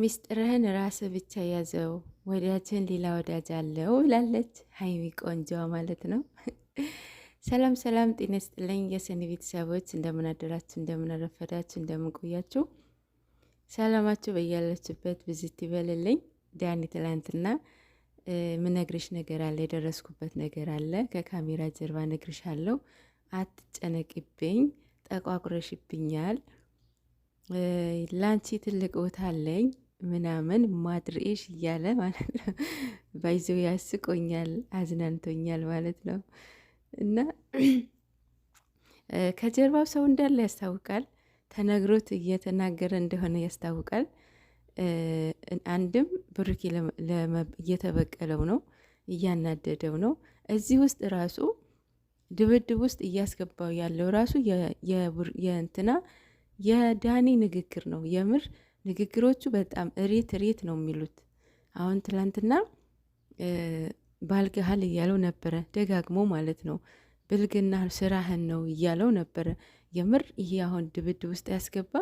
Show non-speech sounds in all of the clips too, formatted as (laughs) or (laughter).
ሚስጥርህን ራስ ብቻ ያዘው፣ ወዳጅን ሌላ ወዳጅ አለው ብላለች ሀይሚ ቆንጆ ማለት ነው። (laughs) ሰላም ሰላም፣ ጤና ይስጥልኝ የሰኒ ቤተሰቦች፣ እንደምናደራችሁ፣ እንደምናረፈዳችሁ፣ እንደምንቆያችሁ ሰላማችሁ በያላችሁበት ብዝት ይበልልኝ። ዳኒ ትላንትና ምነግርሽ ነገር አለ፣ የደረስኩበት ነገር አለ፣ ከካሜራ ጀርባ አለው አትጨነቅብኝ፣ ጠቋቁረሽብኛል፣ ላንቺ ትልቅ ቦታ አለኝ፣ ምናምን ማድርኤሽ እያለ ማለት ነው። ባይዘው ያስቆኛል፣ አዝናንቶኛል ማለት ነው። እና (clears throat) ከጀርባው ሰው እንዳለ ያስታውቃል። ተነግሮት እየተናገረ እንደሆነ ያስታውቃል። አንድም ብሩኬ እየተበቀለው ነው፣ እያናደደው ነው። እዚህ ውስጥ ራሱ ድብድብ ውስጥ እያስገባው ያለው ራሱ የእንትና የዳኒ ንግግር ነው የምር ንግግሮቹ በጣም እሬት እሬት ነው የሚሉት። አሁን ትላንትና ባልግሃል እያለው ነበረ፣ ደጋግሞ ማለት ነው። ብልግና ስራህን ነው እያለው ነበረ። የምር ይሄ አሁን ድብድብ ውስጥ ያስገባ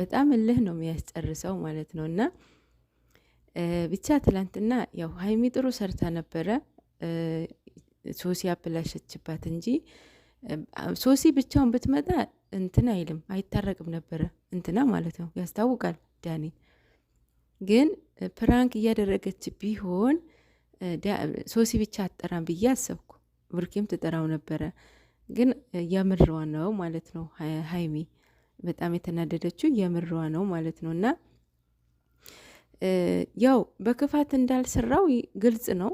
በጣም እልህ ነው የሚያስጨርሰው ማለት ነው። እና ብቻ ትላንትና ያው ሀይሚ ጥሩ ሰርታ ነበረ ሶሲ ያበላሸችባት እንጂ ሶሲ ብቻውን ብትመጣ እንትን አይልም አይታረቅም ነበረ። እንትና ማለት ነው ያስታውቃል። ዳኒ ግን ፕራንክ እያደረገች ቢሆን ሶሲ ብቻ አትጠራም ብዬ አሰብኩ። ብርኬም ትጠራው ነበረ፣ ግን የምርዋ ነው ማለት ነው። ሀይሚ በጣም የተናደደችው የምርዋ ነው ማለት ነው። እና ያው በክፋት እንዳልሰራው ግልጽ ነው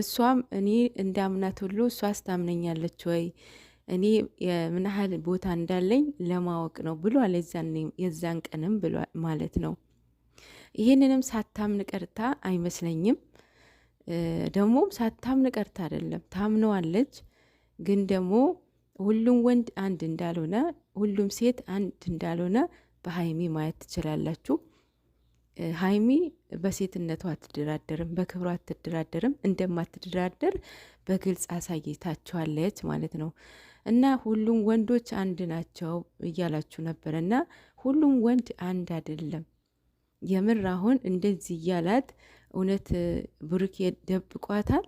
እሷም እኔ እንዳምናት ሁሉ እሷ አስታምነኛለች ወይ እኔ ምን ያህል ቦታ እንዳለኝ ለማወቅ ነው ብሏል። የዛን ቀንም ብሏል ማለት ነው። ይህንንም ሳታምን ቀርታ አይመስለኝም። ደግሞም ሳታምን ቀርታ አይደለም፣ ታምነዋለች። ግን ደግሞ ሁሉም ወንድ አንድ እንዳልሆነ፣ ሁሉም ሴት አንድ እንዳልሆነ በሀይሜ ማየት ትችላላችሁ። ሀይሚ በሴትነቷ አትደራደርም፣ በክብሯ አትደራደርም። እንደማትደራደር በግልጽ አሳይታችኋለች ማለት ነው። እና ሁሉም ወንዶች አንድ ናቸው እያላችሁ ነበር። እና ሁሉም ወንድ አንድ አይደለም። የምር አሁን እንደዚህ እያላት እውነት ብሩኬ ደብቋታል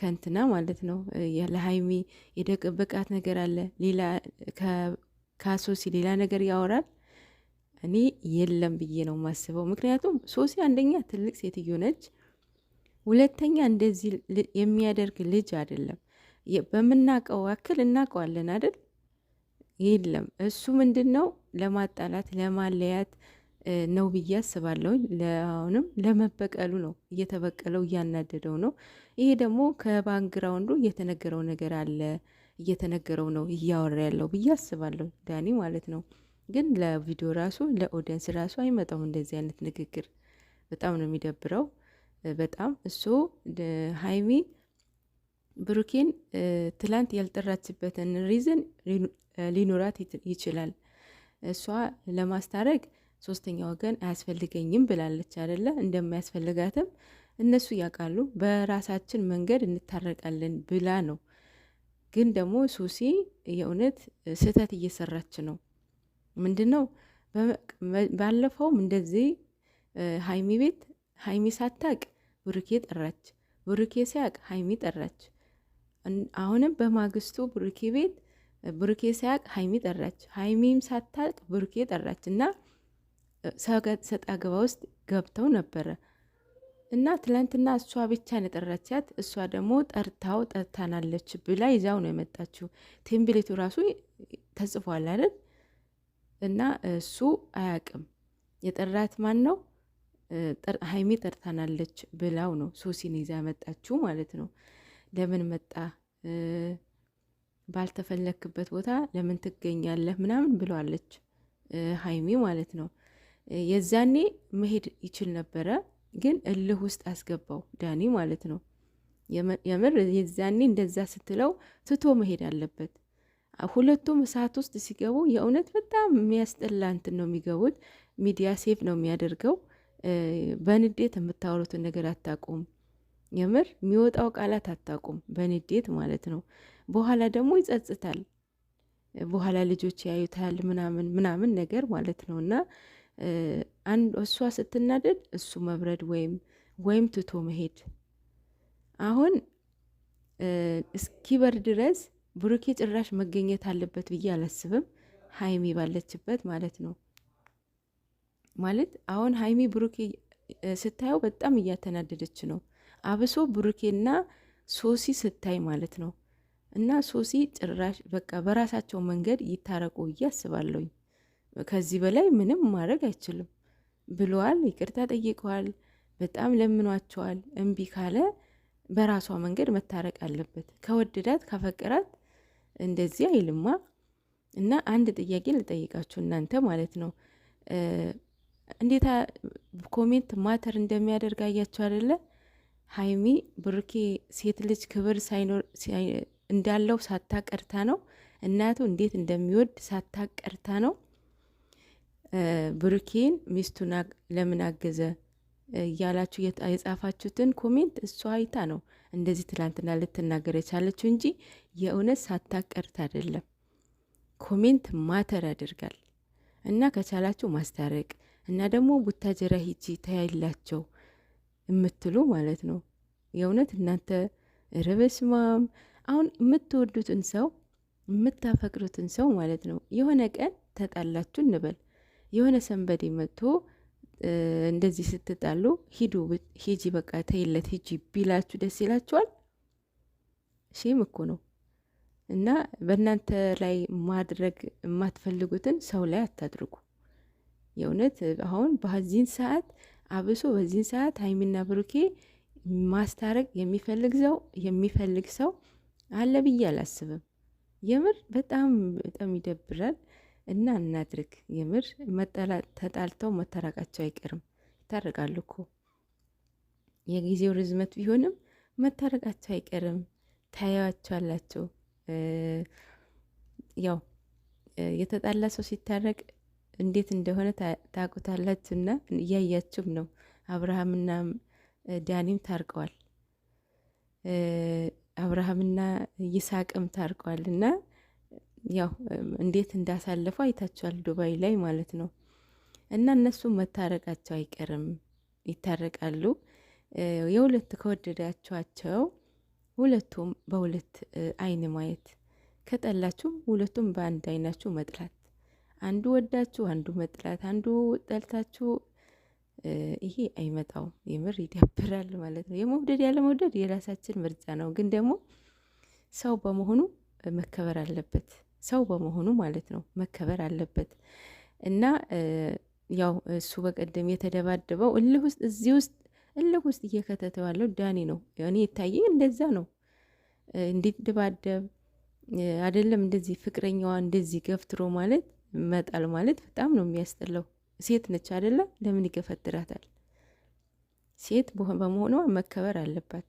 ከንትና ማለት ነው። ለሀይሚ የደበቃት ነገር አለ ሌላ ከሶሲ ሌላ ነገር ያወራል እኔ የለም ብዬ ነው የማስበው። ምክንያቱም ሶሲ አንደኛ ትልቅ ሴትዮ ነች፣ ሁለተኛ እንደዚህ የሚያደርግ ልጅ አይደለም። በምናቀው አክል እናቀዋለን አይደል? የለም እሱ ምንድን ነው ለማጣላት ለማለያት ነው ብዬ አስባለሁ። ለአሁንም ለመበቀሉ ነው እየተበቀለው እያናደደው ነው። ይሄ ደግሞ ከባንግራውንዱ እየተነገረው ነገር አለ እየተነገረው ነው እያወራ ያለው ብዬ አስባለሁ ዳኒ ማለት ነው። ግን ለቪዲዮ ራሱ ለኦዲየንስ ራሱ አይመጣውም። እንደዚህ አይነት ንግግር በጣም ነው የሚደብረው። በጣም እሱ ሀይሚ ብሩኬን ትላንት ያልጠራችበትን ሪዝን ሊኖራት ይችላል። እሷ ለማስታረግ ሶስተኛ ወገን አያስፈልገኝም ብላለች አደለ እንደማያስፈልጋትም እነሱ ያውቃሉ። በራሳችን መንገድ እንታረቃለን ብላ ነው። ግን ደግሞ ሱሲ የእውነት ስህተት እየሰራች ነው። ምንድን ነው ባለፈውም እንደዚህ ሀይሚ ቤት ሀይሚ ሳታቅ ብሩኬ ጠራች፣ ብሩኬ ሲያቅ ሀይሚ ጠራች። አሁንም በማግስቱ ብሩኬ ቤት ብሩኬ ሲያቅ ሀይሚ ጠራች፣ ሀይሚም ሳታቅ ብሩኬ ጠራች እና ሰጣ ገባ ውስጥ ገብተው ነበረ እና ትላንትና እሷ ብቻ ነው የጠራቻት። እሷ ደግሞ ጠርታው ጠርታናለች ብላ ይዛው ነው የመጣችው። ቴምብሌቱ ራሱ ተጽፏል አይደል? እና እሱ አያቅም። የጠራት ማን ነው? ሀይሚ ጠርታናለች ብላው ነው ሶሲን ይዛ መጣችው ማለት ነው። ለምን መጣ ባልተፈለክበት ቦታ ለምን ትገኛለህ ምናምን ብለዋለች ሀይሚ ማለት ነው። የዛኔ መሄድ ይችል ነበረ፣ ግን እልህ ውስጥ አስገባው ዳኒ ማለት ነው። የምር የዛኔ እንደዛ ስትለው ትቶ መሄድ አለበት። ሁለቱም እሳት ውስጥ ሲገቡ የእውነት በጣም የሚያስጠላ እንትን ነው የሚገቡት። ሚዲያ ሴቭ ነው የሚያደርገው። በንዴት የምታወሩትን ነገር አታቁም። የምር የሚወጣው ቃላት አታቁም፣ በንዴት ማለት ነው። በኋላ ደግሞ ይጸጽታል። በኋላ ልጆች ያዩታል ምናምን ምናምን ነገር ማለት ነው። እና እሷ ስትናደድ እሱ መብረድ ወይም ወይም ትቶ መሄድ አሁን እስኪበር ድረስ ብሩኬ ጭራሽ መገኘት አለበት ብዬ አላስብም። ሀይሚ ባለችበት ማለት ነው። ማለት አሁን ሀይሚ ብሩኬ ስታየው በጣም እያተናደደች ነው። አብሶ ብሩኬና ሶሲ ስታይ ማለት ነው። እና ሶሲ ጭራሽ በቃ በራሳቸው መንገድ ይታረቁ ብዬ አስባለሁኝ። ከዚህ በላይ ምንም ማድረግ አይችልም ብለዋል። ይቅርታ ጠይቀዋል። በጣም ለምኗቸዋል። እምቢ ካለ በራሷ መንገድ መታረቅ አለበት። ከወደዳት ከፈቅራት። እንደዚህ አይልማ። እና አንድ ጥያቄ ልጠይቃችሁ እናንተ ማለት ነው እንዴታ ኮሜንት ማተር እንደሚያደርግ አያችሁ አይደለ? ሀይሚ ብሩኬ ሴት ልጅ ክብር ሳይኖር እንዳለው ሳታቀርታ ነው እናቱ እንዴት እንደሚወድ ሳታቀርታ ነው ብሩኬን ሚስቱን ለምን አገዘ? እያላችሁ የጻፋችሁትን ኮሜንት እሱ አይታ ነው እንደዚህ ትላንትና ልትናገር የቻለችው እንጂ የእውነት ሳታቀርት አይደለም። ኮሜንት ማተር ያደርጋል እና ከቻላችሁ ማስታረቅ እና ደግሞ ቡታጀራ ሂጂ ተያይላቸው የምትሉ ማለት ነው። የእውነት እናንተ ርበስማም አሁን የምትወዱትን ሰው የምታፈቅሩትን ሰው ማለት ነው የሆነ ቀን ተጣላችሁ እንበል የሆነ ሰንበዴ መጥቶ እንደዚህ ስትጣሉ ሂዱ ሂጂ በቃ ተይለት ሂጂ ቢላችሁ ደስ ይላችኋል? ሺም እኮ ነው። እና በእናንተ ላይ ማድረግ የማትፈልጉትን ሰው ላይ አታድርጉ። የእውነት አሁን በዚህን ሰዓት አብሶ በዚህን ሰዓት ሀይሚና ብሩኬ ማስታረቅ የሚፈልግ ሰው የሚፈልግ ሰው አለ ብዬ አላስብም። የምር በጣም በጣም ይደብራል። እና እናድርግ። የምር ተጣልተው መታረቃቸው አይቀርም። ይታረቃሉ እኮ የጊዜው ርዝመት ቢሆንም መታረቃቸው አይቀርም። ታያቸዋላቸው። ያው የተጣላ ሰው ሲታረቅ እንዴት እንደሆነ ታውቁታላችሁ። እና እያያችሁም ነው። አብርሃምና ዳኒም ታርቀዋል። አብርሃምና ይስሐቅም ታርቀዋል እና ያው እንዴት እንዳሳለፉ አይታችኋል፣ ዱባይ ላይ ማለት ነው። እና እነሱም መታረቃቸው አይቀርም ይታረቃሉ። የሁለት ከወደዳችኋቸው ሁለቱም በሁለት አይን ማየት፣ ከጠላችሁ ሁለቱም በአንድ አይናችሁ መጥላት፣ አንዱ ወዳችሁ አንዱ መጥላት፣ አንዱ ጠልታችሁ ይሄ አይመጣውም። የምር ይደብራል ማለት ነው። የመውደድ ያለመውደድ የራሳችን ምርጫ ነው፣ ግን ደግሞ ሰው በመሆኑ መከበር አለበት። ሰው በመሆኑ ማለት ነው መከበር አለበት እና ያው እሱ በቀደም የተደባደበው እልህ ውስጥ እዚህ ውስጥ እልህ ውስጥ እየከተተው ያለው ዳኒ ነው። እኔ የታየኝ እንደዛ ነው። እንዲደባደብ አይደለም እንደዚህ ፍቅረኛዋ እንደዚህ ገፍትሮ ማለት መጣል ማለት በጣም ነው የሚያስጠላው። ሴት ነች አይደለም ለምን ይገፈትራታል? ሴት በመሆኗ መከበር አለባት።